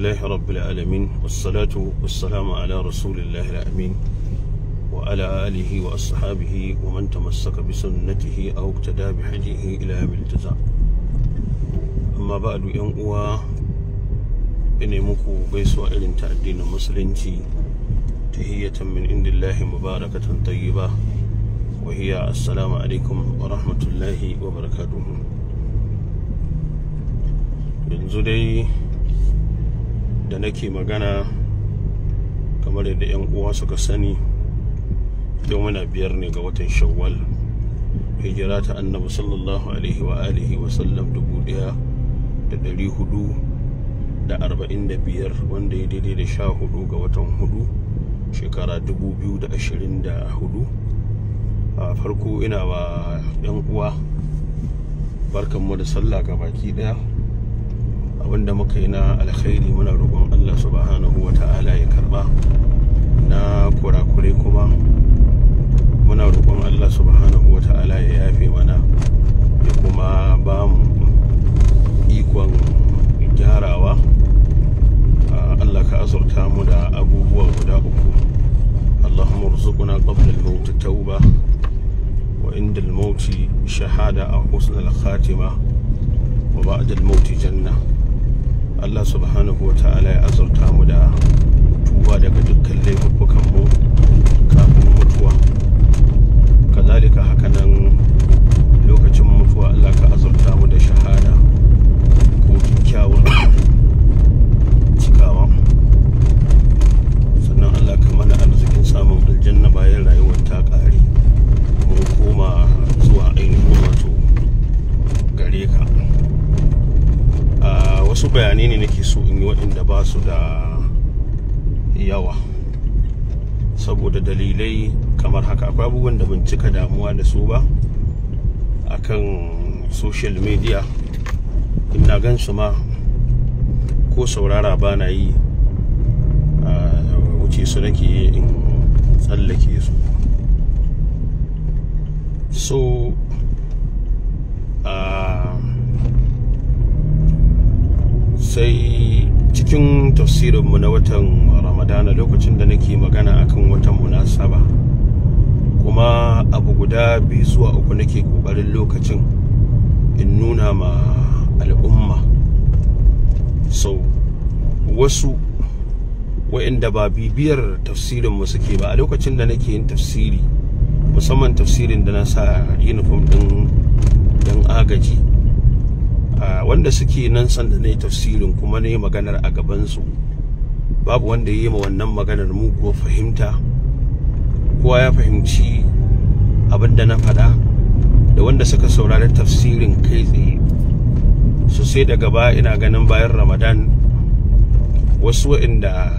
لله رب العالمين والصلاة والسلام على رسول الله الأمين وعلى آله وأصحابه ومن تمسك بسنته أو اقتدى بحجه إلى يوم الجزاء أما بعد ينقوى إني مكو بيسوى إلين تعدين مسلنتي تهية من عند الله مباركة طيبة وهي السلام عليكم ورحمة الله وبركاته ينزلي da nake magana kamar yadda 'yan uwa suka sani yau muna biyar ne ga watan shawwal hijira ta annabi sallallahu alaihi wa alihi wa sallam dubu daya da dari hudu da arba'in da biyar wanda ya daidai da sha hudu ga watan hudu shekara dubu biyu da ashirin da hudu a farko ina wa 'yan uwa barkanmu da sallah ga baki daya abinda muka yi na alkhairi muna roƙon Allah subhanahu wa ta'ala ya karba na kurakure kuma muna roƙon Allah subhanahu wa ta'ala ya yafe mana ya kuma ba mu ikon gyarawa ah, Allah ka azurta mu da abubuwa guda uku Allahumma rzuqna qabla al-maut tauba wa inda al-maut shahada a husnul khatima wa ba'da Allah subhanahu wa ta'ala ya azurta mu da tuba daga dukkan laifukan mu kafin mutuwa kazalika hakanan lokacin mutuwa Allah ka azurta mu da shahada ko kyakkyawar cikawa sannan Allah ka mana arzikin samun aljanna bayan rayuwar ta ƙare wasu bayanai ne nake so in yi waɗanda ba su da yawa saboda dalilai kamar haka akwai abubuwan da ban cika damuwa da su ba akan social media ina gan su ma ko saurara ba na yi wuce su nake in tsallake su so uh, sai cikin tafsirinmu na watan ramadana lokacin da nake magana a kan watan munasaba kuma abu guda biyu zuwa uku nake kokarin lokacin in nuna ma al'umma sau wasu wa'inda ba bibiyar tafsirinmu suke ba a lokacin da nake yin tafsiri musamman tafsirin da na sa uniform din agaji wanda suke nan sanda ne tafsirin kuma ne maganar a gabansu babu wanda ya yi ma wannan maganar mu ko fahimta kowa ya fahimci abin da na faɗa da wanda suka saurari tafsirin kai tsaye su sai daga ba ina ganin bayan ramadan wasu waɗanda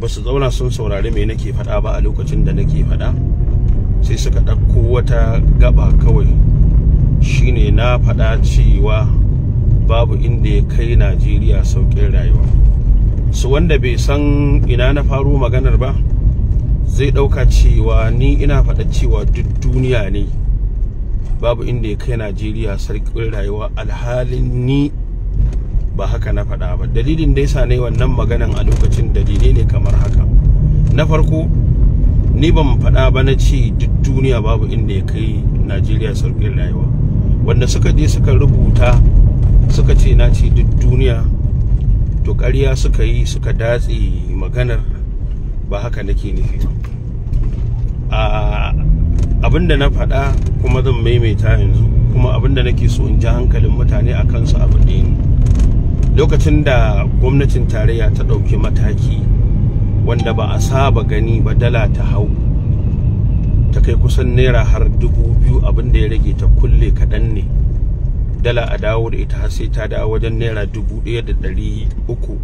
ba su zauna sun saurari mai nake faɗa ba a lokacin da nake faɗa sai suka ɗauko wata gaba kawai shine na faɗa cewa babu inda ya kai najeriya sauƙin rayuwa su wanda bai san ina na faru maganar ba zai ɗauka cewa ni ina faɗa cewa duk duniya ne babu inda ya kai najeriya sarkin rayuwa alhalin ni ba haka na faɗa ba dalilin da yasa ne wannan maganar a lokacin dalili ne kamar haka na farko ni ban faɗa ba na ce duk duniya babu inda ya kai najeriya sauƙin rayuwa wanda suka je suka rubuta suka ce na ce duk duniya to ƙarya suka yi suka datse maganar ba haka nake nufi ba abinda na faɗa kuma zan maimaita yanzu kuma abinda nake so in ji hankalin mutane a kansu abu ɗaya ne lokacin da gwamnatin tarayya ta ɗauki mataki wanda ba a saba gani ba dala ta hau ta kai kusan naira har dubu biyu abin da ya rage ta kulle kaɗan ne dala a dawo da ita har sai ta dawo wajen naira dubu ɗaya da ɗari uku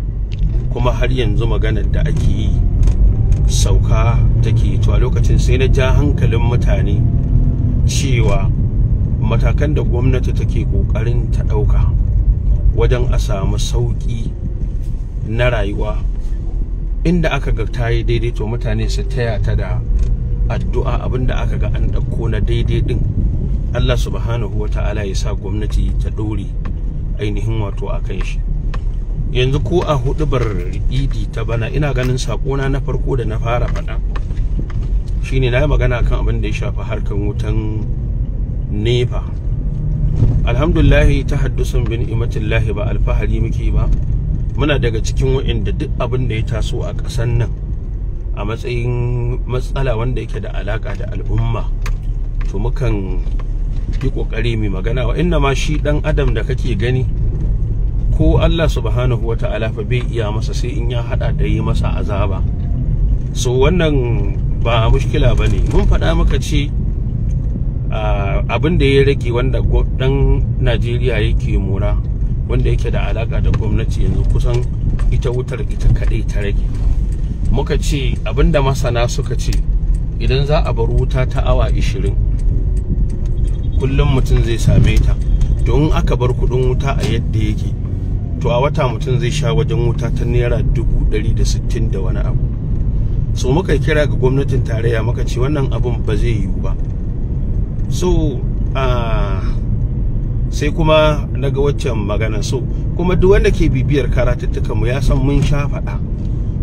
kuma har yanzu maganar da ake yi sauka take to a lokacin sai na ja hankalin mutane cewa matakan da gwamnati take ƙoƙarin ta ɗauka wajen a samu sauƙi na rayuwa inda aka ga ta yi daidai to mutane su taya ta da addu'a abinda aka ga an ɗauko na daidai din, Allah subhanahu wata'ala ya sa gwamnati ta ɗore ainihin wato a kan shi yanzu ko a hudubar idi ta bana ina ganin sakona na farko da na fara faɗa shine na yi magana kan abin da ya shafi harkan wutan nefa alhamdulahi ta haddusan bin Imatullahi ba alfahari muke ba muna daga cikin wa'inda duk abin da ya taso a ƙasan nan a matsayin matsala wanda yake da alaka da al'umma to mukan yi kokari mai magana wa inna ma shi dan adam da kake gani ko Allah subhanahu wata'ala fa bai iya masa sai in ya hada da yi masa azaba so wannan ba a mushkila ne. mun faɗa maka ce abin da ya rage wanda dan Najeriya yake mura wanda yake da alaka da gwamnati yanzu kusan ita wutar ita kadai ta rage muka ce abinda masana suka ce idan za a bar wuta ta awa 20 kullum mutum zai same ta don aka bar kudin wuta a yadda yake to a wata mutum zai sha wajen wuta ta naira dubu ɗari da wani abu so muka kira ga gwamnatin tarayya muka ce wannan abun ba zai yiwu ba so ah, sai kuma na ga waccan magana so kuma duk wanda ke bibiyar karatuttukanmu ya san mun sha faɗa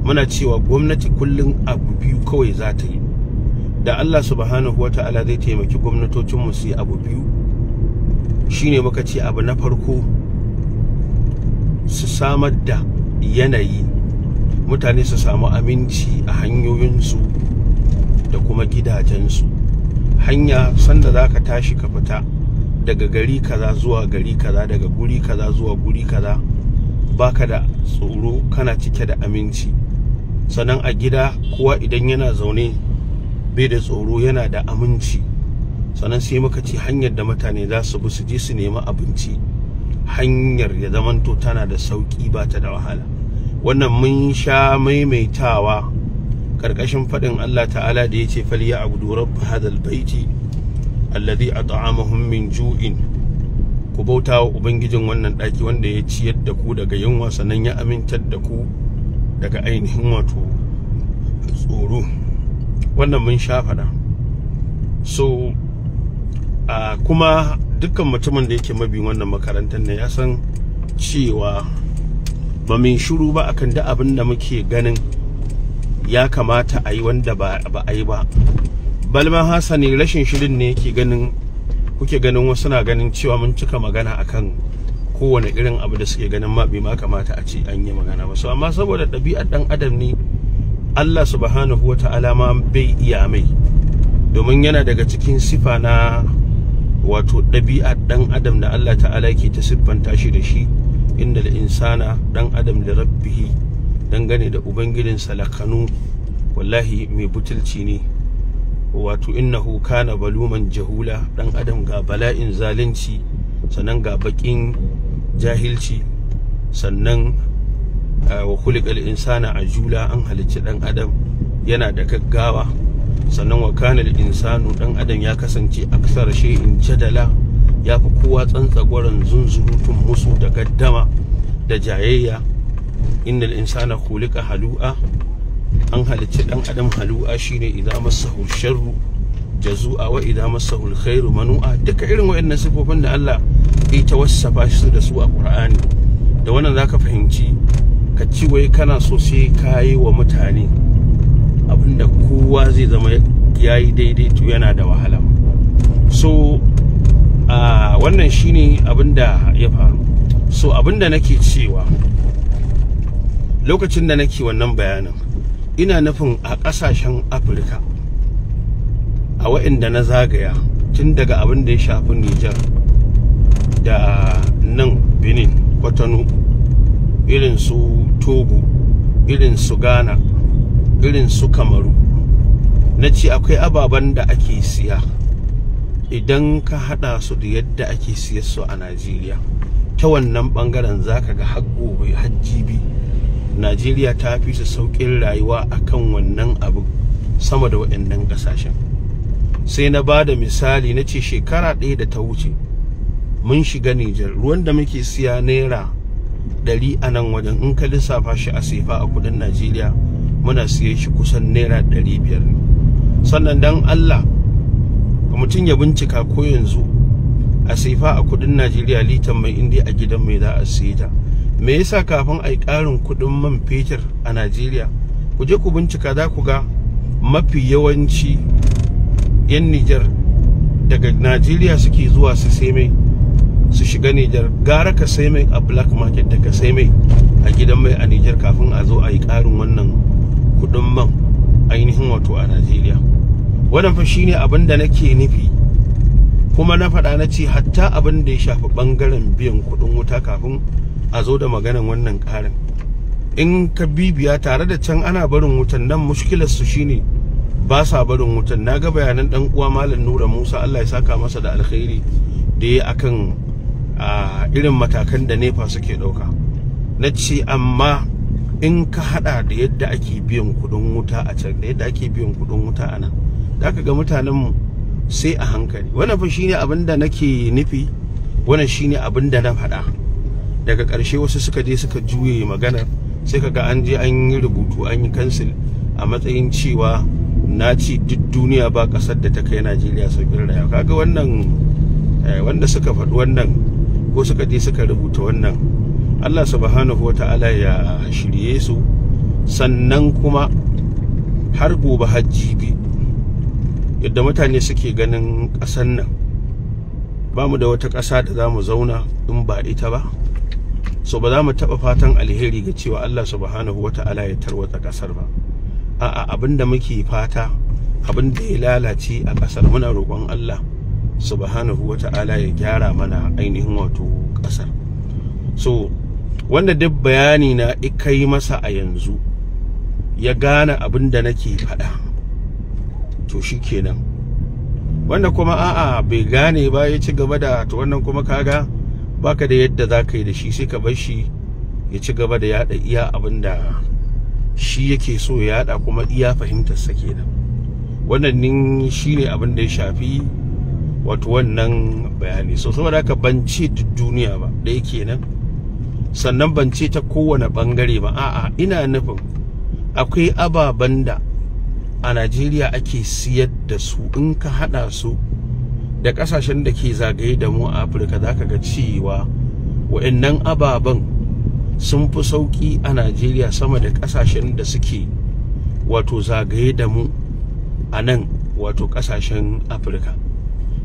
muna cewa gwamnati kullum abu biyu kawai za ta yi da Allah subhanahu wa ta'ala zai taimaki gwamnatocinmu su yi abu biyu shine muka ce abu na farko su samar da yanayi mutane su samu aminci a hanyoyinsu da kuma gidajensu hanya sanda za ka tashi ka fita daga gari kaza zuwa gari kaza daga guri kaza zuwa guri kaza baka da tsoro kana cike da aminci sannan a gida kowa idan yana zaune bai da tsoro yana da aminci sannan sai muka ci hanyar da mutane za su bi su je su nemi abinci hanyar ya zamanto tana da sauƙi ba ta da wahala wannan mun sha maimaitawa ƙarƙashin faɗin Allah ta'ala da ya ce falya abudu rabb hadal baiti alladhi at'amahum min ju'in ku bauta wa ubangijin wannan ɗaki wanda ya ciyar da ku daga yunwa sannan ya amintar da ku daga ainihin wato tsoro wannan mun sha faɗa so a kuma dukkan mutumin da yake mabi wannan makarantar ne ya san cewa ba min shiru ba akan da abin da muke ganin ya kamata a yi wanda ba a yi ba balma hasani rashin shirin ne yake ganin kuke ganin wasu na ganin cewa mun cika magana akan kowane irin abu da suke ganin ma bai ma kamata a ce an yi magana ba so amma saboda ɗabi'ar ɗan adam ne Allah subhanahu wa ta'ala ma bai iya mai domin yana daga cikin sifa na wato ɗabi'ar ɗan adam da Allah ta'ala ke ta siffanta shi da shi inda da insana ɗan adam da rabbihi dangane da ubangidin salakanu wallahi mai butulci ne wato innahu kana baluman jahula ɗan adam ga bala'in zalunci sannan ga baƙin jahilci sannan eh, wa khuliqal insana jula an halicci dan adam yana da gaggawa sannan wa kanil insanu dan adam ya kasance aksar shay'in jadala ya fi kowa tsantsa tsantsagwaron zunzurutun musu da gaddama da jayayya innal insana khuliqa halu'a an halicci dan adam halu'a shine idan masahu sharru jazu'a wa idza massahu alkhairu manu'a duka irin waɗannan sifofin da Allah ya tawassafa shi da su a Qur'ani da wannan zaka fahimci ka ci wai kana so sai ka yi wa mutane abinda kowa zai zama yayi daidai to yana da wahala so a wannan shine abinda ya faru so abinda nake cewa lokacin da nake wannan bayanin ina nufin a ƙasashen Afirka a waɗanda na zagaya tun daga abin da ya shafi Nijar da nan Benin Kwatano irin su Togo irin su Ghana irin su Kamaru na ce akwai ababen da ake siya idan ka hada su da yadda ake siyar su a Najeriya ta wannan bangaren zaka ga har gobe har jibi Najeriya ta fi su sauƙin rayuwa akan wannan abu sama da waɗannan ƙasashen. sai na ba da misali na ce shekara ɗaya da ta wuce mun shiga Nijar ruwan da muke siya naira ɗari a nan wajen in ka lissafa shi a sefa a kudin Najeriya muna siye shi kusan naira ɗari biyar sannan dan Allah mutum ya bincika ko yanzu a sefa a kudin Najeriya litan mai indi a gidan mai za a siye ta me yasa kafin a yi ƙarin kuɗin man fetur a Najeriya ku je ku bincika za ku ga mafi yawanci 'yan Nijar daga Najeriya suke zuwa su sai su shiga Nijar gara ka sai mai a black market daga ka sai mai a gidan mai a Nijar kafin a zo a yi ƙarin wannan kuɗin man ainihin wato a Najeriya wannan fa shine abin da nake nufi kuma na faɗa na ce hatta abin da ya shafi bangaren biyan kuɗin wuta kafin a zo da maganan wannan ƙarin in ka bibiya tare da can ana barin wutan nan mushkilar su shine ba sa barin wutan na ga bayanan dan uwa malam nura musa allah ya saka masa da alkhairi da ya akan irin matakan da nefa suke ɗauka na ce amma in ka hada da yadda ake biyan kudin wuta a can da yadda ake biyan kudin wuta a nan da ka ga mutanenmu sai a hankali wannan fa shine abin da nake nufi wannan shine abin da na faɗa daga ƙarshe wasu suka je suka juye magana, sai kaga an je an yi rubutu an yi kansil a matsayin cewa na ci duk duniya ba ƙasar da ta kai najeriya sauƙin rayuwa kaga wannan eh, wanda suka faɗi wannan ko suka je suka rubuta wannan allah subhanahu wata'ala ya shirye su sannan kuma har gobe hajji bi yadda mutane suke ganin ƙasar nan ba mu da wata ƙasa da za mu zauna in ba ita ba so ba za mu taɓa fatan alheri ga cewa allah subhanahu wata'ala ya tarwata ƙasar ba a'a abin da muke fata abin da ya lalace a ƙasar muna roƙon Allah subhanahu wa ya gyara mana ainihin wato ƙasar so wanda duk bayani na ikai masa a yanzu ya gane abin da nake faɗa to shikenan wanda kuma a'a bai gane ba ya ci gaba da to wannan kuma kaga baka da yadda za ka yi da shi sai ka bar shi ya ci gaba da yaɗa iya abin da shi yake so ya yada kuma iya fahimtar sa kenan wannan nin shine abin da ya shafi wato wannan bayani so saboda haka ban ce duniya ba da yake nan sannan ban ce ta kowane bangare ba a'a ina nufin akwai ababen da a Najeriya ake siyar da su in ka hada su da kasashen da ke zagaye da mu a Afirka zaka ga cewa wa'annan ababen sun fi sauƙi a najeriya sama da ƙasashen da suke wato zagaye da mu a nan wato ƙasashen afirka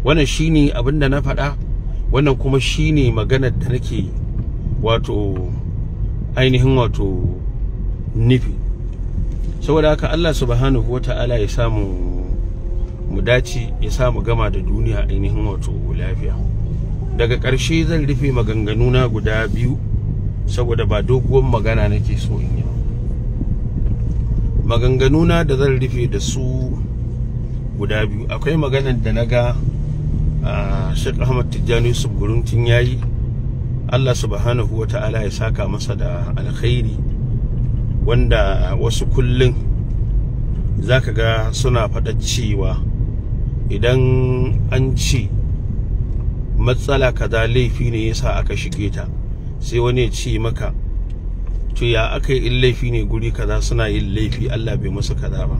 wannan shine abin da na faɗa wannan kuma shine maganar da nake wato ainihin wato nufi saboda haka allah subhanahu ta'ala ya samu mu dace ya samu gama da duniya ainihin wato lafiya daga ƙarshe zan rufe maganganuna guda biyu saboda ba doguwar magana nake so in yi maganganuna da zan rufe da su guda biyu akwai maganar da na ga Sheikh Ahmad Tijjani Yusuf Guruntin yayi Allah subhanahu wa ta'ala ya saka masa da alkhairi wanda wasu kullum zaka ga suna faɗa cewa idan an ce matsala kaza laifi ne yasa aka shige ta sai wani ya ce maka to ya aka yi in laifi ne guri kaza suna yin laifi Allah bai musu kaza ba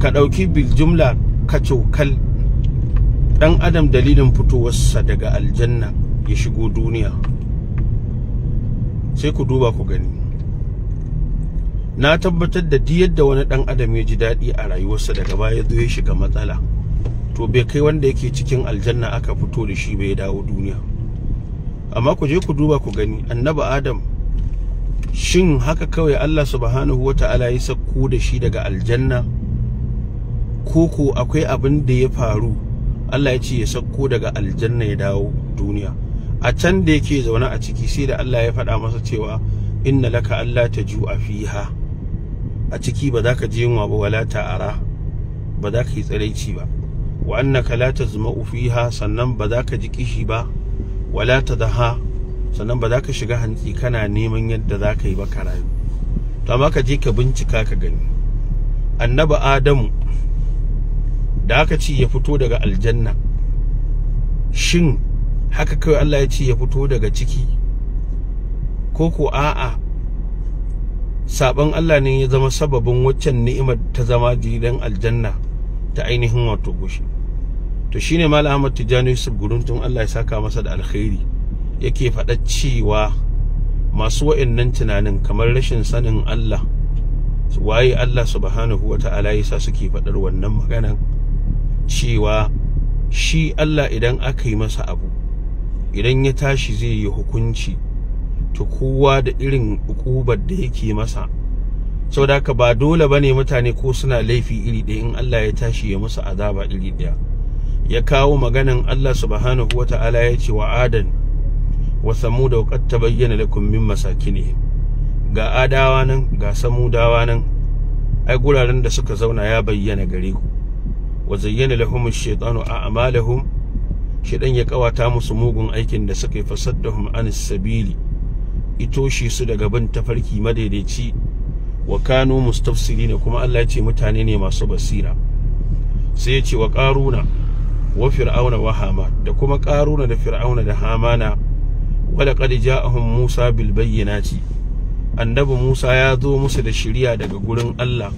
ka ɗauki bil jumla ka cokal ɗan adam dalilin fitowarsa daga aljanna ya shigo duniya sai ku duba ku gani na tabbatar da duk yadda wani ɗan adam ya ji daɗi a rayuwarsa daga baya zo ya shiga matsala to bai kai wanda yake cikin aljanna aka fito da shi bai dawo duniya amma ku je ku duba ku gani annabi adam shin haka kawai Allah subhanahu wata'ala ya sako da shi daga aljanna koko akwai abin da ya faru Allah ya ce ya sako daga aljanna ya dawo duniya a can da yake zaune a ciki sai da Allah ya faɗa masa cewa inna laka Allah ta ju'a fiha a ciki ba za ka je yunwa ba wala ta'ara ba za ka yi tsiraici ba wa annaka la tazma'u fiha sannan ba za ka ji kishi ba wala ta daha sannan ba za ka shiga hantsi kana neman yadda za ka yi ba ka to amma ka je ka bincika ka gani annabi adamu da aka ce ya fito daga aljanna shin haka kawai Allah ya ce ya fito daga ciki ko ko a'a saban Allah ne ya zama sababin waccan ni'imar ta zama gidan aljanna ta ainihin wato gushi to shine mal Ahmad tijani Yusuf Guruntun Allah ya saka masa da alkhairi yake faɗa cewa masu wa'annan tunanin kamar rashin sanin Allah waye Allah subhanahu wata'ala sa suke faɗar wannan magana cewa shi Allah idan aka yi masa abu idan ya tashi zai yi hukunci to kowa da irin ukubar da yake masa saboda haka ba dole bane mutane ko suna laifi iri ɗaya in Allah ya tashi ya musu azaba iri ɗaya ya kawo maganan Allah subhanahu wata'ala ya ce wa adan wa samuda wa qad tabayyana lakum min ga adawa nan ga samudawa nan ai guraren da suka zauna ya bayyana gare ku wa zayyana lahum ash-shaytanu a'malahum shedan ya kawata musu mugun aikin da suka yi fasaddahum an sabili shi su daga bin tafarki madaidaici wa kanu mustafsirina kuma Allah ya ce mutane ne masu basira sai ya ce wa qaruna wa fir'auna wa hama da kuma karuna da fir'auna da hamana wala qad ja'ahum musa bil bayyinati annabi musa ya zo musu da shiriya daga gurin Allah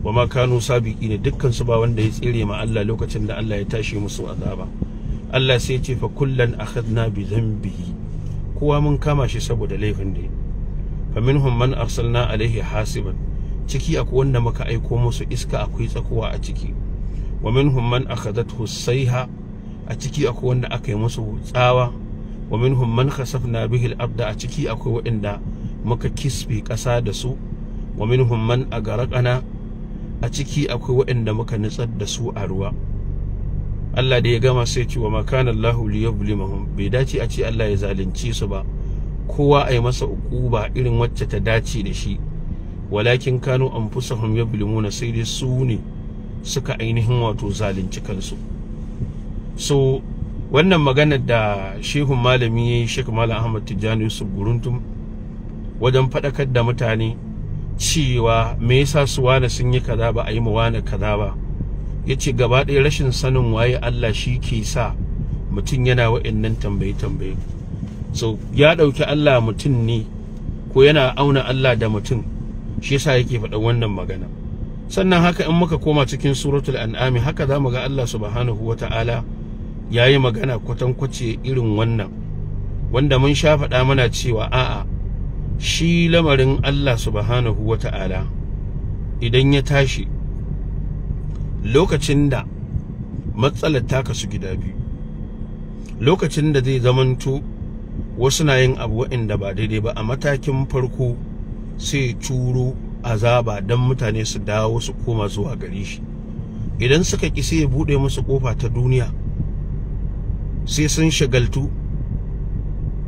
wa ma kanu sabiqina dukkan su ba wanda ya tsire ma Allah lokacin da Allah ya tashi musu azaba Allah sai ya ce fa kullan akhadna bi zan dhanbihi kowa mun kama shi saboda laifin da fa minhum man arsalna alaihi hasiban ciki akwai wanda muka aiko musu iska akwai tsakuwa a ciki wa minhum man akhadathu sayha a ciki akwai wanda aka yi musu tsawa wa minhum man khasafna bihi al-abda a ciki akwai waɗanda muka kisbe ƙasa da su wa minhum man agarqana a ciki akwai waɗanda muka nitsar da su a ruwa Allah da ya gama sai ce wa makana Allahu liyuzlimahum bai dace a ce Allah ya zalunce su ba kowa ayi masa ukuba irin wacce ta dace da shi walakin kanu anfusahum yuzlimuna sai dai su ne suka ainihin wato zalunci kansu so wannan maganar da shehun malami ya yi shek malam ahmad tijjani yusuf guruntum wajen faɗakar da mutane cewa me yasa su wane sun yi kaza ba a yi wane kaza ba ya ce gaba ɗaya rashin sanin waye allah shi ke sa mutum yana wa'annan tambaye tambaye so ya ɗauki allah mutum ne ko yana auna allah da mutum shi yasa yake faɗa wannan magana sannan haka in muka koma cikin suratul an'ami haka za mu ga Allah subhanahu ta'ala ya yi magana kwatankwace irin wannan wanda mun sha faɗa mana cewa a'a shi lamarin Allah subhanahu ta'ala idan ya tashi lokacin da matsalar ta kasu gida biyu lokacin da zai zamanto wasu na yin abu wa'inda ba daidai ba a matakin farko sai turo azaba don mutane su dawo su koma zuwa gare shi idan suka ki sai ya buɗe musu kofa ta duniya sai sun shagaltu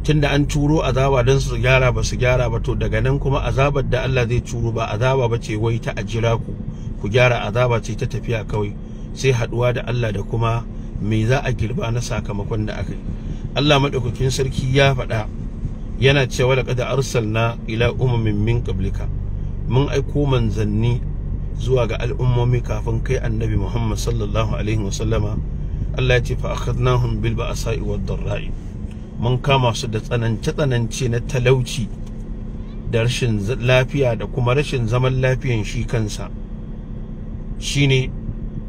tunda an turo azaba don su gyara ba su gyara ba to daga nan kuma azabar da Allah zai turo ba azaba ba ce wai ta ajira ku ku gyara azaba ce ta tafiya kawai sai haduwa da Allah da kuma me za a girba na sakamakon da aka Allah madaukakin sarki ya faɗa yana cewa laqad arsalna ila umamin min qablika mun aiko manzanni zuwa ga al'ummomi kafin kai annabi Muhammad sallallahu alaihi wasallama Allah ya ce fa akhadnahum bil ba'sa'i wad darra'i mun kama su da tsanance tsanance na talauci da rashin lafiya da kuma rashin zaman lafiyan shi kansa shine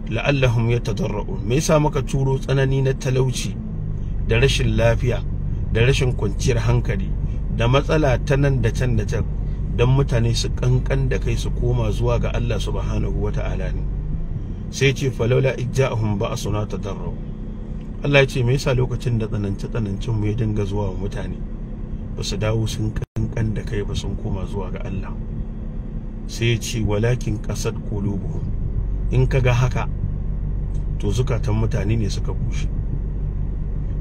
la'allahum yatadarra'un me yasa muka turo tsanani na talauci da rashin lafiya da rashin kwanciyar hankali da matsala ta nan da can da can dan mutane su kankan da kai su koma zuwa ga Allah subhanahu wata'ala ne sai ce falaula ijja'ahum asuna tadarra Allah ya ce me yasa lokacin da tsanance tsanancin mu ya dinga zuwa wa mutane ba su dawo sun kankan da kai ba sun koma zuwa ga Allah sai ya ce walakin qasad qulubuhum in kaga haka to zukatan mutane ne suka bushe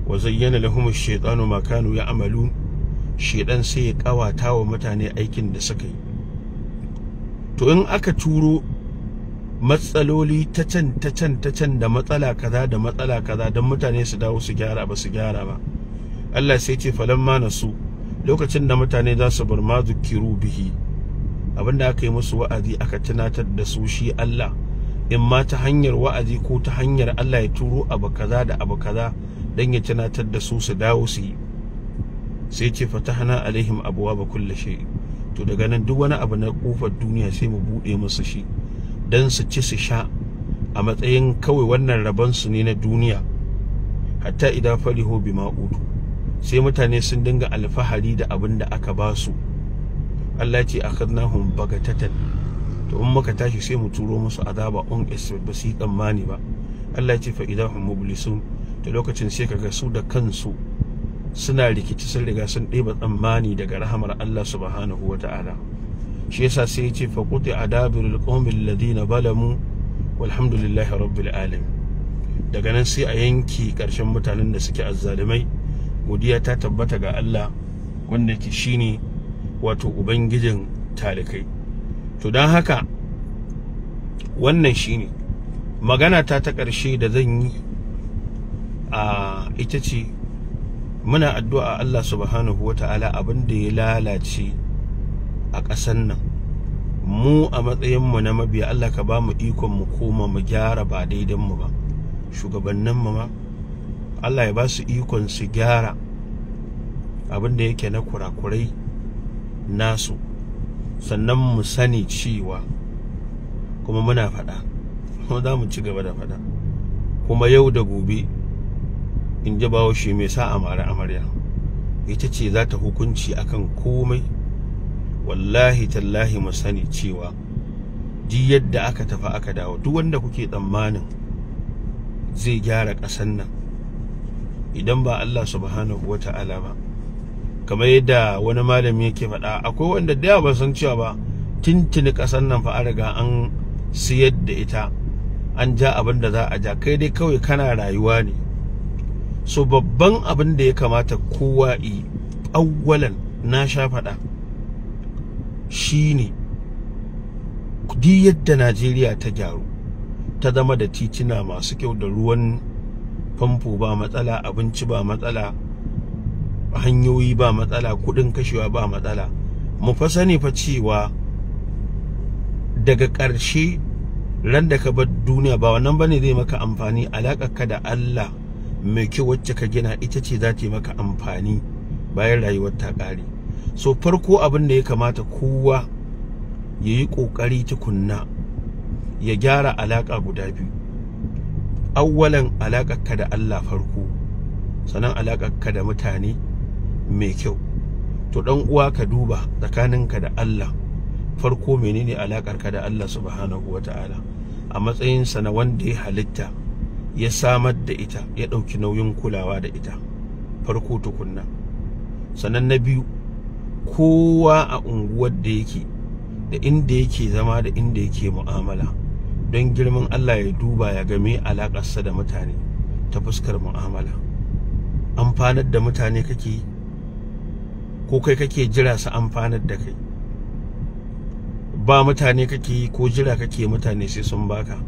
wa zayyana lahumu shaytanu ma kanu ya'malun shedan sai ya kawata wa mutane aikin da suka yi to in aka turo matsaloli ta can ta can ta can da matsala kaza da matsala kaza don mutane su dawo su gyara ba su gyara ba Allah sai ce falan ma nasu lokacin da mutane za su bar ma kiru bihi abinda aka yi musu wa'azi aka tunatar da su shi Allah in ma ta hanyar wa'azi ko ta hanyar Allah ya turo abu kaza da abu kaza don ya tunatar da su su dawo su yi sai ce fatahna alaihim abwaaba kulli shay to daga nan duk wani abu na kofar duniya sai mu bude musu shi dan su ci su sha a matsayin kawai wannan rabon su ne na duniya hatta idan farihu bima utu sai mutane sun dinga alfahari da abin da aka ba su Allah ce akhadnahum bagatatan to in muka tashi sai mu turo musu azaba on ba su yi tsammani ba Allah ce fa idahum mublisun to lokacin sai kaga su da kansu suna rikici sun riga sun ɗeba tsammani daga rahamar Allah subhanahu wa ta'ala shi yasa sai ya ce faquti adabirul qawmil ladina balamu walhamdulillahi rabbil alamin daga nan sai a yanki ƙarshen mutanen da suke azzalumai godiya ta tabbata ga Allah wanda ke shine wato ubangijin talikai to don haka wannan shine magana ta ta ƙarshe da zan yi a ita ce muna addu'a Allah subhanahu wata'ala abin da ya lalace a ƙasan nan mu a matsayin mu na mabiya Allah ka ba mu ikon mu koma mu gyara ba daidan mu ba shugabannin mu ma Allah ya ba su ikon su gyara abinda yake na kurakurai nasu sannan mu sani cewa kuma muna faɗa kuma za mu ci gaba da faɗa kuma yau da gobe in ji bahaushe mai sa amara amarya ita ce za ta hukunci akan komai wallahi tallahi mu sani cewa ji yadda aka tafi aka dawo duk wanda kuke tsammanin zai gyara ƙasan nan idan ba Allah subhanahu wata'ala ba kamar yadda wani malami yake faɗa akwai wanda da ba san cewa ba tintini ƙasar nan fa an riga an siyar da ita an ja abin da za a ja kai dai kawai kana rayuwa ne so babban abin da ya kamata kowa yi awwalan na sha faɗa shine kudi yadda Najeriya ta gyaru ta zama da titina masu kyau da ruwan famfo ba matsala abinci ba matsala hanyoyi ba matsala kudin kashewa ba matsala mu fa sani fa cewa daga ƙarshe ran da ka bar duniya ba wannan bane zai maka amfani ka da Allah mai kyau wacce ka gina ita ce za ta yi maka amfani bayan rayuwar ta ƙare so farko abin da ya kamata kowa ya yi ƙoƙari tukunna ya gyara alaƙa guda biyu awwalan alaƙarka da Allah farko sannan alaƙarka da mutane mai kyau to ɗan uwa ka duba tsakaninka da Allah farko menene alaƙarka da Allah subhanahu wataala a matsayinsa na wanda ya halitta ya samar da ita ya ɗauki nauyin kulawa da ita farko tukunna sannan na biyu kowa a unguwar da yake da inda yake zama da inda yake mu'amala don girman Allah ya duba ya game alaƙarsa da mutane ta fuskar mu'amala amfanar da mutane kake ko kai kake jira su amfanar da kai ba mutane kake yi ko jira kake mutane sai sun baka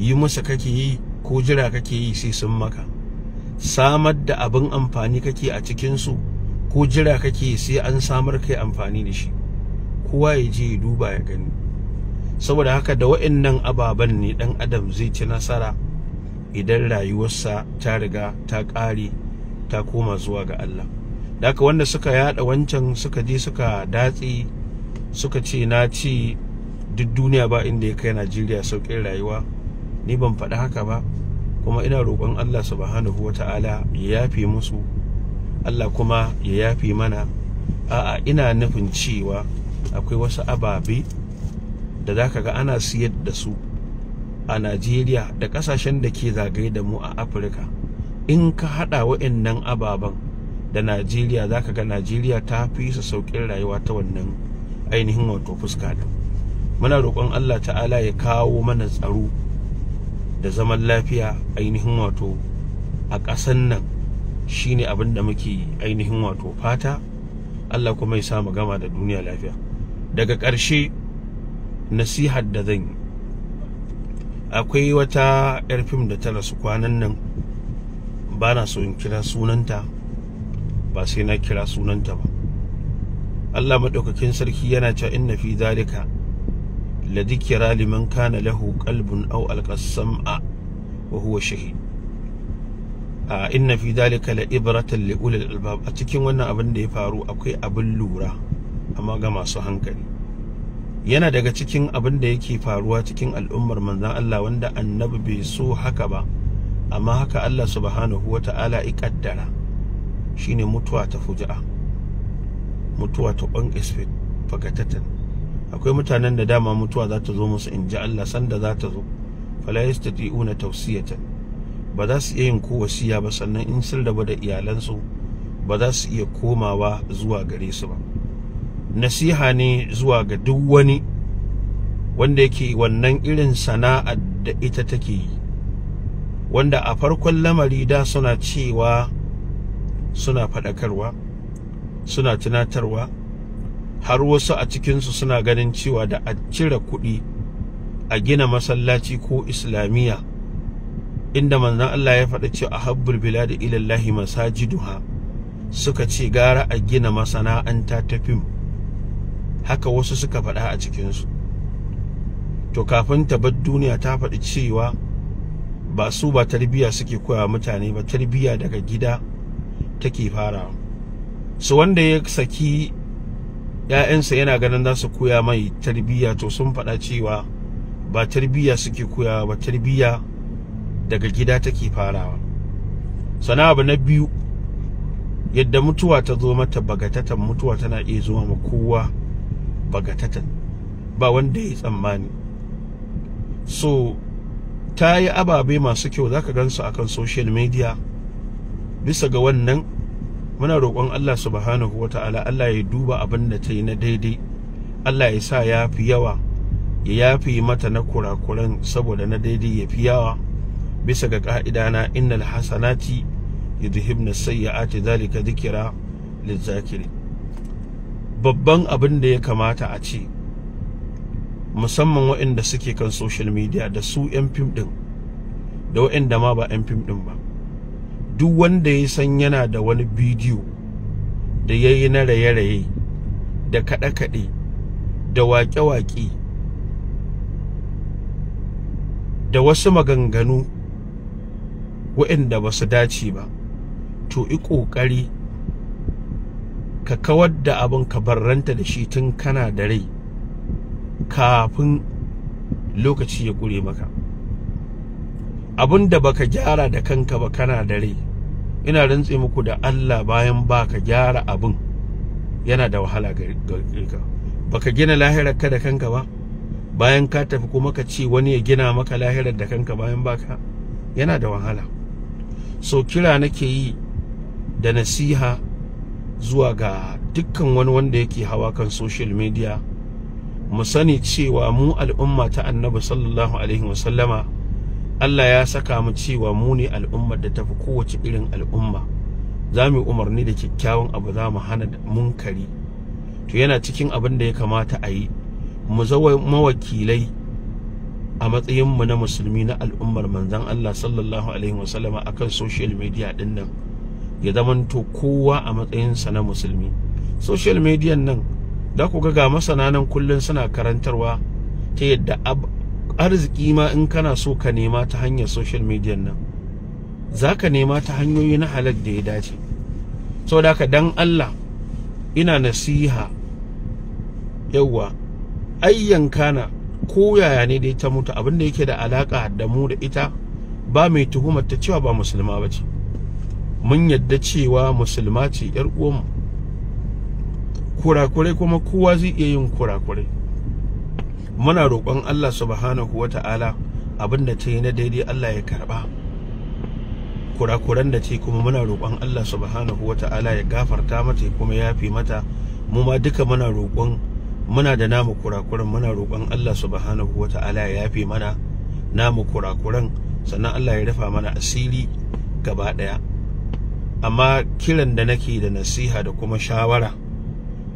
yi musu kake yi ko jira kake yi sai sun maka samar da abin amfani kake a cikinsu ko jira kake sai an samar kai amfani da shi kowa ya je ya duba ya gani saboda haka da wa'annan ababen ne dan adam zai ci nasara idan rayuwarsa ta riga ta ƙare ta koma zuwa ga Allah da haka wanda suka yada wancan suka je suka datse suka ce na ci duk duniya ba inda ya kai Najeriya sauƙin rayuwa ni ban faɗi haka ba kuma ina roƙon Allah subhanahu ta'ala ya yafe musu Allah kuma ya yafe mana a'a ina nufin cewa akwai wasu ababe da za ka ga ana siyar da su a Najeriya da ƙasashen da ke zagaye da mu a Afirka in ka haɗa wa'annan ababen da Najeriya za ka ga Najeriya ta fi su sauƙin rayuwa ta wannan ainihin wato fuska muna roƙon Allah ta'ala ya kawo mana tsaro da zaman lafiya ainihin wato a ƙasan nan shine abin da muke ainihin wato fata Allah kuma ya samu gama da duniya lafiya daga ƙarshe nasihar da zan yi akwai wata yar fim da ta rasu kwanan nan ba na so in kira sunanta ba sai na kira sunanta ba Allah maɗaukakin sarki yana cewa inna fi zalika ladikira liman kana lahu qalbun aw alqa sam'a wa huwa shahid inna fi dalika la ibratan li a cikin wannan abin da ya faru akwai abin lura amma ga masu hankali yana daga cikin abin da yake faruwa cikin al'ummar manzan Allah wanda annabi bai so haka ba amma haka Allah subhanahu wata'ala ya kaddara shine mutuwa ta fuja'a mutuwa ta on expect fakatatan akwai mutanen da dama mutuwa za ta zo musu in ji Allah sanda za ta zo fala yastati'una tausiyata, ba za su iya yin ko wasiya ba sannan in sun raba da iyalansu ba za su iya komawa zuwa gare su ba nasiha ne zuwa ga duk wani wanda yake wannan irin sana'a da ita take yi wanda a farkon lamari da suna cewa suna faɗakarwa suna tunatarwa har wasu a cikinsu suna ganin cewa da a cire kuɗi a gina masallaci ko islamiyya inda manzon Allah ya faɗa cewa ahabbul bilad ila Allah masajiduha suka ce gara a gina masana'anta ta fim haka wasu suka faɗa a cikinsu to kafin ta bar duniya ta faɗi cewa ba su ba tarbiyya suke koya mutane ba tarbiyya daga gida take fara su wanda ya saki 'ya'yansa yana ganin za su koya mai tarbiyya to sun faɗa cewa ba tarbiyya suke koya ba tarbiyya daga gida take farawa sana abu na biyu yadda mutuwa ta zo mata bagatatan mutuwa tana iya zuwa ma kowa bagatatan ba wanda ya tsammani so ta yi ababe masu kyau zaka gansu akan social media bisa ga wannan muna roƙon Allah subhanahu wa ta'ala Allah ya duba abin da ta yi na daidai Allah ya sa ya fi yawa ya yafi mata na kurakuran saboda na daidai ya fi yawa bisa ga ka'ida na innal hasanati yudhibna sayyi'ati zalika zikira lizzakiri babban abin da ya kamata a ce musamman waɗanda suke kan social media da su 'yan fim ɗin da waɗanda ma ba 'yan fim ɗin ba duk wanda ya san yana da wani bidiyo da ya yi na raye-raye da kaɗe-kaɗe da waƙe-waƙe da wasu maganganu waɗanda ba su dace ba to i ƙoƙari ka kawar da abin ka barranta da shi tun kana da rai kafin lokaci ya ƙure maka abin da baka gyara da kanka ba kana da rai ina rantsi muku da Allah bayan baka gyara abin yana da wahala gare ka baka gina lahirar ka da kanka ba bayan ka tafi kuma ka ce wani ya gina maka lahirar da kanka bayan baka yana da wahala so kira nake yi da nasiha zuwa ga dukkan wani wanda yake hawa kan social media mu sani cewa mu al'umma ta annabi sallallahu alaihi wasallama Allah ya saka mu cewa mu ne al'ummar da tafi kowace irin al'umma za mu umarni da kyakkyawan abu za mu hana munkari to yana cikin abin da ya kamata a yi mu zawa mawakilai a matsayin mu na musulmi na al'ummar manzon Allah sallallahu alaihi wasallama akan social media din nan ya zamanto kowa a matsayin sa na musulmi social media nan da ku ga masana nan kullum suna karantarwa ta yadda arziki ma in kana so ka nema ta hanyar social media nan za ka nema ta hanyoyi na halal da ya dace saboda haka dan Allah ina nasiha yawwa ayyan kana ko yaya ne dai ta mutu abin da yake da alaka da mu da ita ba mai tuhumar ta cewa ba musulma ba ce mun yadda cewa musulma ce yar uwanmu kurakurai kuma kowa zai iya yin kurakurai muna roƙon Allah subhanahu wata'ala abin da ta yi na daidai Allah ya karba kurakuran da ce kuma muna roƙon Allah subhanahu wata'ala ya gafarta mata kuma ya fi mata mu ma duka muna roƙon muna da namu kurakuran muna roƙon Allah subhanahu wata'ala ya yafi mana namu kurakuran sannan Allah ya rufa mana asiri gaba ɗaya amma kiran da nake da nasiha da kuma shawara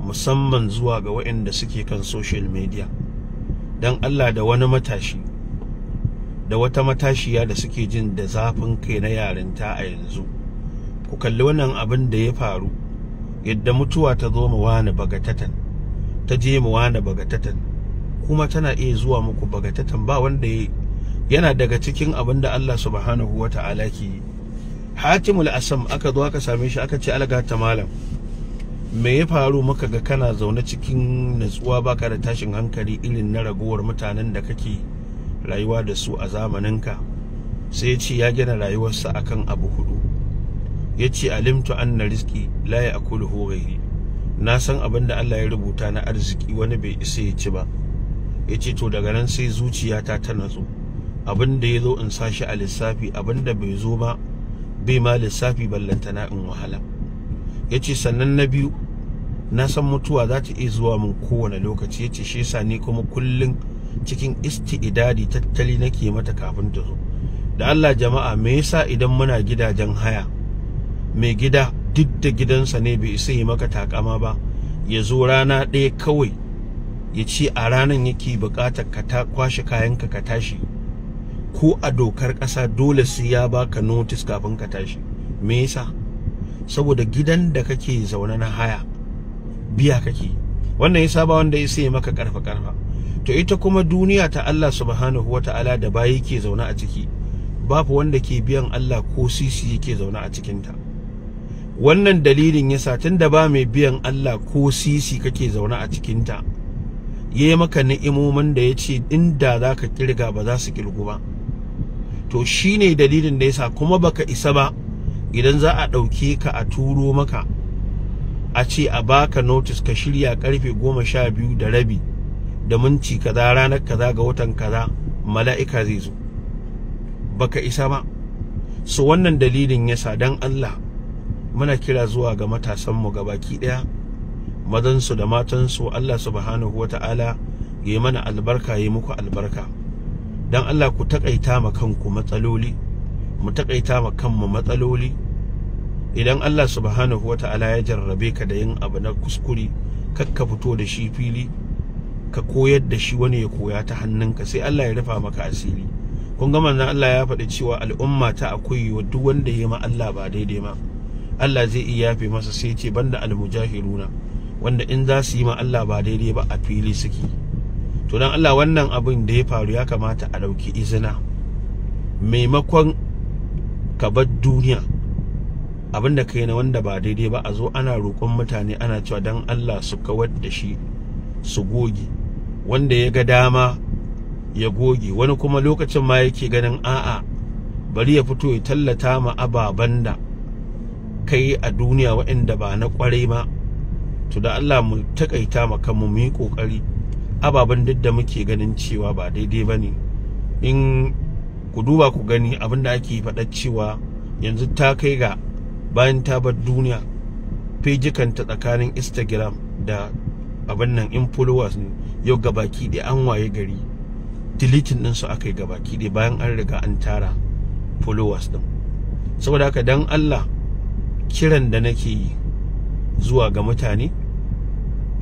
musamman zuwa ga waɗanda suke kan social media dan Allah da wani matashi da wata matashiya da suke jin da zafin kai na yarinta a yanzu ku kalli wannan abin da ya faru yadda mutuwa ta zo mu wani bagatatan ta je mu wani bagatatan kuma tana iya zuwa muku bagatatan ba wanda ya yana daga cikin abin da Allah subhanahu wa ta'ala ke yi hakimul asam aka zo aka same shi aka ce alga ta malam me ya faru maka ga kana zaune cikin natsuwa baka da tashin hankali irin na raguwar mutanen da kake rayuwa da su a zamaninka sai ya ce ya gina rayuwarsa akan abu hudu ya ce alimtu anna rizki la ya akulu ghairi na san abin da Allah ya rubuta na arziki wani bai isa ya ci ba ya ce to daga nan sai zuciya ta natsu abin da ya zo in sa shi a lissafi abin da bai zo ba bai ma lissafi ballantana in wahala ya ce sannan na biyu na san mutuwa za ta iya zuwa min kowane lokaci ya ce shi yasa ni kuma kullum cikin isti'idadi tattali nake mata kafin ta zo da Allah jama'a me yasa idan muna gidajen haya mai gida duk da gidansa ne bai isa yi maka takama ba ya zo rana ɗaya kawai ya ce a ranar yake buƙatar ka ta kwashe kayanka ka tashi ko a dokar ƙasa dole sai ya baka notis kafin ka tashi me yasa saboda gidan da kake zaune na haya biya kake wannan yasa ba wanda ya sai maka karfa karfa to ita kuma duniya ta Allah subhanahu wata'ala da ba yake zaune a ciki babu wanda ke biyan Allah ko sisi yake zauna a cikin ta wannan dalilin yasa da ba mai biyan Allah ko sisi kake zauna a cikin ta yayi maka ni'imomin da yace inda zaka kirga ba za su kirgu ba to shine dalilin da yasa kuma baka isa ba idan za a ɗauke ka a turo maka a ce a baka notice ka shirya karfe goma sha biyu da rabi da minci kaza ranar kaza ga watan kaza mala'ika zai zo baka isa ba su wannan dalilin yasa don Allah muna kira zuwa ga matasanmu ga baki daya mazansu da matansu Allah subhanahu ta'ala ya mana albarka ya yi muku albarka don Allah ku taƙaita ma kanku matsaloli mu taƙaita ma kanmu matsaloli idan Allah subhanahu wa ta'ala ya jarrabe ka da yin abu na kuskure kakka fito da shi fili ka koyar da shi wani ya koya ta hannunka sai Allah ya rufa maka asiri kun ga manzon Allah ya faɗi cewa al'umma ta akwai wa duk wanda ya ma Allah ba daidai ma Allah zai iya yafe masa sai ce banda almujahiruna wanda in za su yi ma Allah ba daidai ba a fili suke to dan Allah wannan abin da ya faru ya kamata a ɗauki izina maimakon ka bar duniya abin da kai na wanda ba daidai ba a zo ana roƙon mutane ana cewa dan Allah su kawar da shi su goge wanda ya ga dama ya goge wani kuma lokacin ma yake ganin a'a bari ya fito ya tallata ma ababen da kai a duniya waɗanda ba na ƙwarai ma to da Allah mu takaita ma kanmu mu yi ƙoƙari ababen duk da muke ganin cewa ba daidai ba ne in ku duba ku gani abin da ake faɗa cewa yanzu ta kai ga bayan ta bar duniya fejikanta tsakanin instagram da abin nan in followers ne yau gabaki da an waye gari deleting din su aka yi gabaki da bayan an riga an tara followers din saboda haka dan Allah kiran da nake yi zuwa ga mutane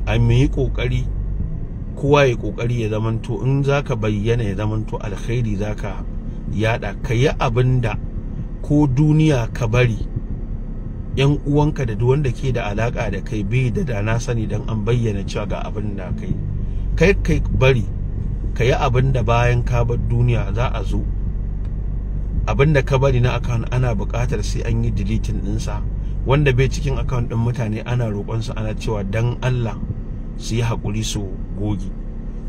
a yi kokari kowa ya kokari ya zamanto in zaka bayyana ya zamanto alkhairi zaka yada ka yi abin ko duniya ka bari yan uwanka da duk wanda ke da alaka da kai bai da da na sani dan an bayyana cewa ga abin da kai kai kai bari ka yi abin da bayan ka bar duniya za a zo abin da ka bari na account ana buƙatar sai an yi deleting ɗinsa wanda bai cikin account ɗin mutane ana su ana cewa dan Allah su yi haƙuri su goge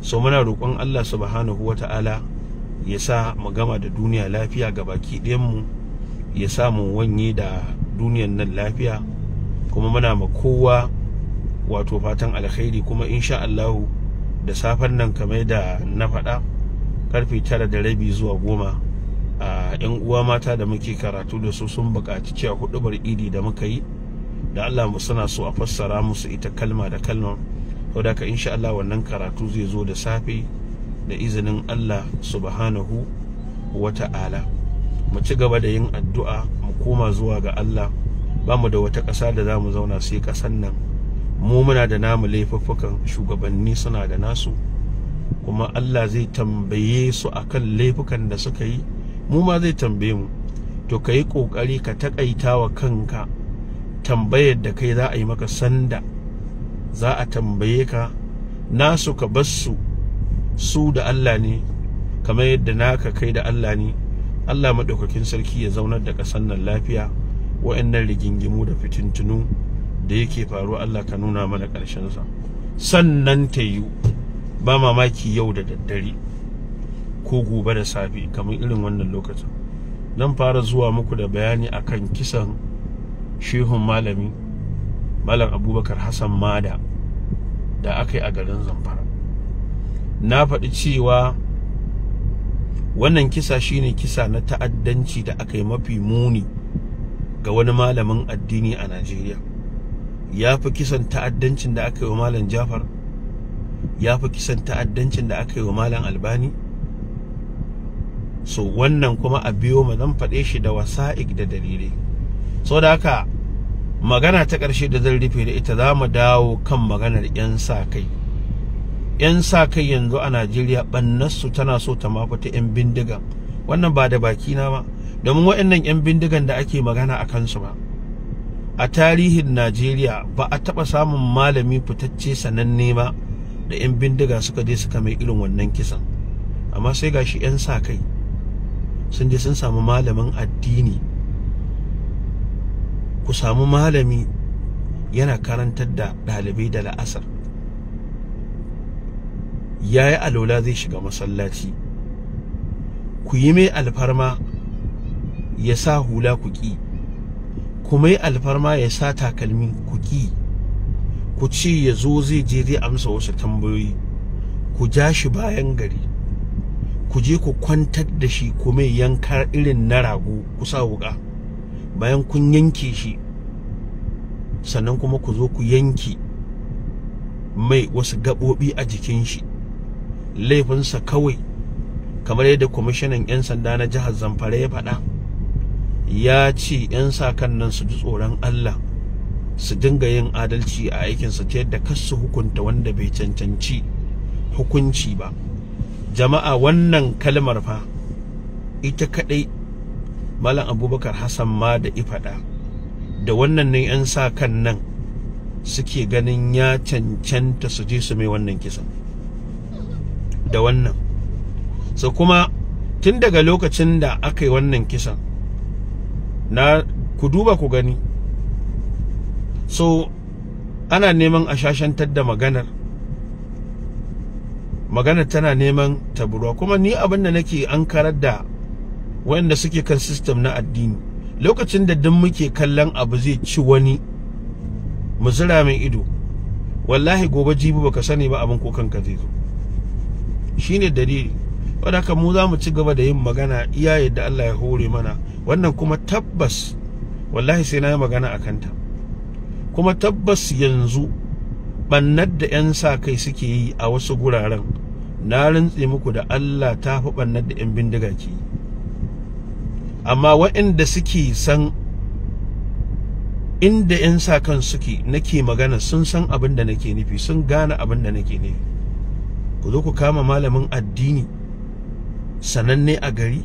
so muna roƙon Allah subhanahu wata'ala ya sa mu gama da duniya lafiya ga baki mu ya sa mu wanye da duniyan nan lafiya kuma muna ma kowa wato fatan alkhairi kuma insha Allah da safen nan kamar da na faɗa karfe tara da rabi zuwa goma a yan uwa mata da muke karatu da su sun buƙaci cewa huɗubar idi da muka yi da Allah mu suna so a fassara musu ita kalma da kalma da ka insha Allah wannan karatu zai zo da safe da izinin Allah subhanahu wa ta'ala mu ci gaba da yin addu'a koma zuwa ga Allah ba mu da wata ƙasa da za mu zauna sai ƙasan nan mu muna da namu laifuffukan shugabanni suna da nasu kuma Allah zai tambaye su akan laifukan da suka yi mu ma zai tambaye mu to ka yi ka taƙaita wa kanka tambayar da kai za a yi maka sanda za a tambaye ka nasu ka su su da Allah ne kamar yadda naka kai da Allah ne Allah maɗaukakin sarki ya zaunar da ƙasar nan lafiya wa'annan rigingimu da fitintunu da yake faruwa Allah ka nuna mana sa. sannan ta ba mamaki yau da daddare ko gobe da safe kamar irin wannan lokacin zan fara zuwa muku da bayani akan kisan shehun malami malam abubakar hassan mada da aka yi a garin zamfara na faɗi cewa wannan kisa shine kisa na ta'addanci da aka yi mafi muni ga wani malamin addini a Najeriya ya fi kisan ta'addancin da aka yi wa malam Jafar ya fi kisan ta'addancin da aka yi wa malam Albani so wannan kuma a biyo mu zan faɗe shi da wasa'ik da dalilai so da haka magana ta ƙarshe da zan rufe da ita za mu dawo kan maganar 'yan sa kai 'yan sa kai yanzu a Najeriya bannarsu tana so ta mafata 'yan bindigan wannan ba da baki na ba domin waɗannan 'yan bindigan da ake magana a kansu ba a tarihin Najeriya ba a taɓa samun malami fitacce sananne ba da 'yan bindiga suka je suka mai irin wannan kisan amma sai gashi 'yan sa kai sun je sun samu malamin addini ku samu malami yana karantar da ɗalibai da la'asar yayi alola zai shiga masallaci ku yi mai alfarma ya sa hula ku ki ku mai alfarma ya sa takalmi ku ki ku ce ya zo zai je zai amsa wasu tambayoyi ku ja shi bayan gari ku je ku kwantar da shi ku mai yankar irin na rago ku sa wuka bayan kun yanke shi sannan kuma ku zo ku yanke mai wasu gaɓoɓi a jikin shi laifinsa kawai kamar yadda kwamishinan 'yan sanda na jihar zamfara ya faɗa ya ce 'yan sakan nan su ji tsoron allah su dinga yin adalci a aikinsa ta yadda kar su hukunta wanda bai cancanci hukunci ba jama'a wannan kalmar fa ita kaɗai malam abubakar hassan ma da ifaɗa da wannan ne 'yan kan nan suke ganin ya cancanta su je su mai wannan kisan da wannan so kuma tun daga lokacin da aka yi wannan kisan na ku duba ku gani so ana neman a shashantar da maganar maganar tana neman taburwa kuma ni abin da nake an karar da wanda suke kan system na addini lokacin da duk muke kallon abu zai ci wani mu zira mai ido wallahi gobe jibi baka sani ba abin ko kanka zai zo shine dalili wanda haka mu za mu ci gaba da yin magana iya yadda Allah ya hore mana wannan kuma tabbas wallahi sai na yi magana a kanta kuma tabbas yanzu bannar da 'yan sa kai suke yi a wasu guraren na rintse muku da Allah ta fi bannar da 'yan bindiga ke yi amma waɗanda suke san inda 'yan sa kan suke nake magana sun san abin da nake nufi sun gane abin da nake nufi ku zo ku kama malamin addini sananne a gari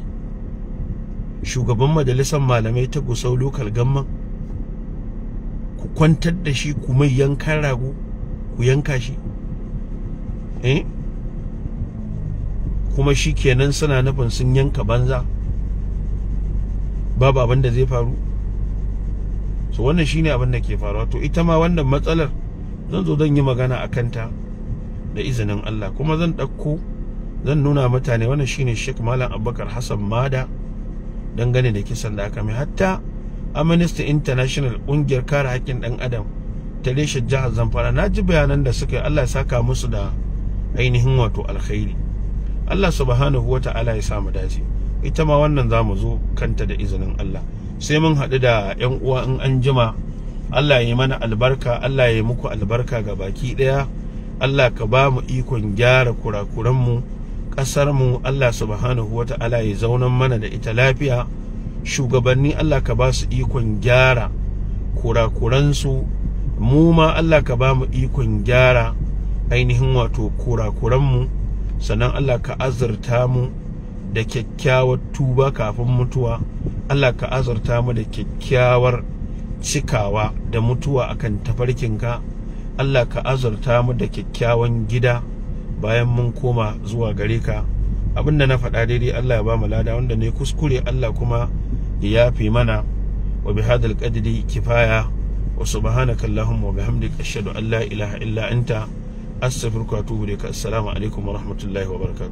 shugaban majalisar malamai ta gusau lokal gamman ku kwantar da shi ku mai yankan rago ku yanka shi eh kuma shi kenan suna nufin sun yanka banza babu abin da zai faru so wannan shine abin da ke faruwa to ita ma wannan matsalar zan zo zan yi magana a kanta da izinin Allah kuma zan ɗauko zan nuna mutane wannan shine Sheikh Malam Abubakar Hassan Mada dangane da kisan da aka mai hatta Amnesty International ƙungiyar kare haƙƙin ɗan adam ta reshe jihar Zamfara na ji bayanan da suka yi Allah ya saka musu da ainihin wato alkhairi Allah subhanahu wata'ala ya sa mu dace ita ma wannan za mu zo kanta da izinin Allah sai mun haɗu da 'yan uwa in an jima Allah ya yi mana albarka Allah ya yi muku albarka ga baki ɗaya Allah ka ba mu ikon gyara kurakuranmu ƙasarmu Allah subhanahu wa ta'ala ya zaunan mana da ita lafiya shugabanni Allah ka ba su ikon gyara kurakuransu mu ma Allah ka ba mu ikon gyara ainihin wato kurakuranmu sannan Allah ka azurta mu da kyakkyawar tuba kafin mutuwa Allah ka azurta mu da kyakkyawar cikawa da mutuwa akan tafarkinka Allah ka azurta mu da kyakkyawan gida bayan mun koma zuwa gare ka da na faɗa daidai Allah ya ba mu lada wanda ne kuskure Allah kuma ya yafe mana wa bi hadal qadri kifaya wa subhanaka allahumma wa bihamdika ashhadu an la ilaha illa anta astaghfiruka wa atubu ilaik assalamu alaikum wa rahmatullahi wa barakatuh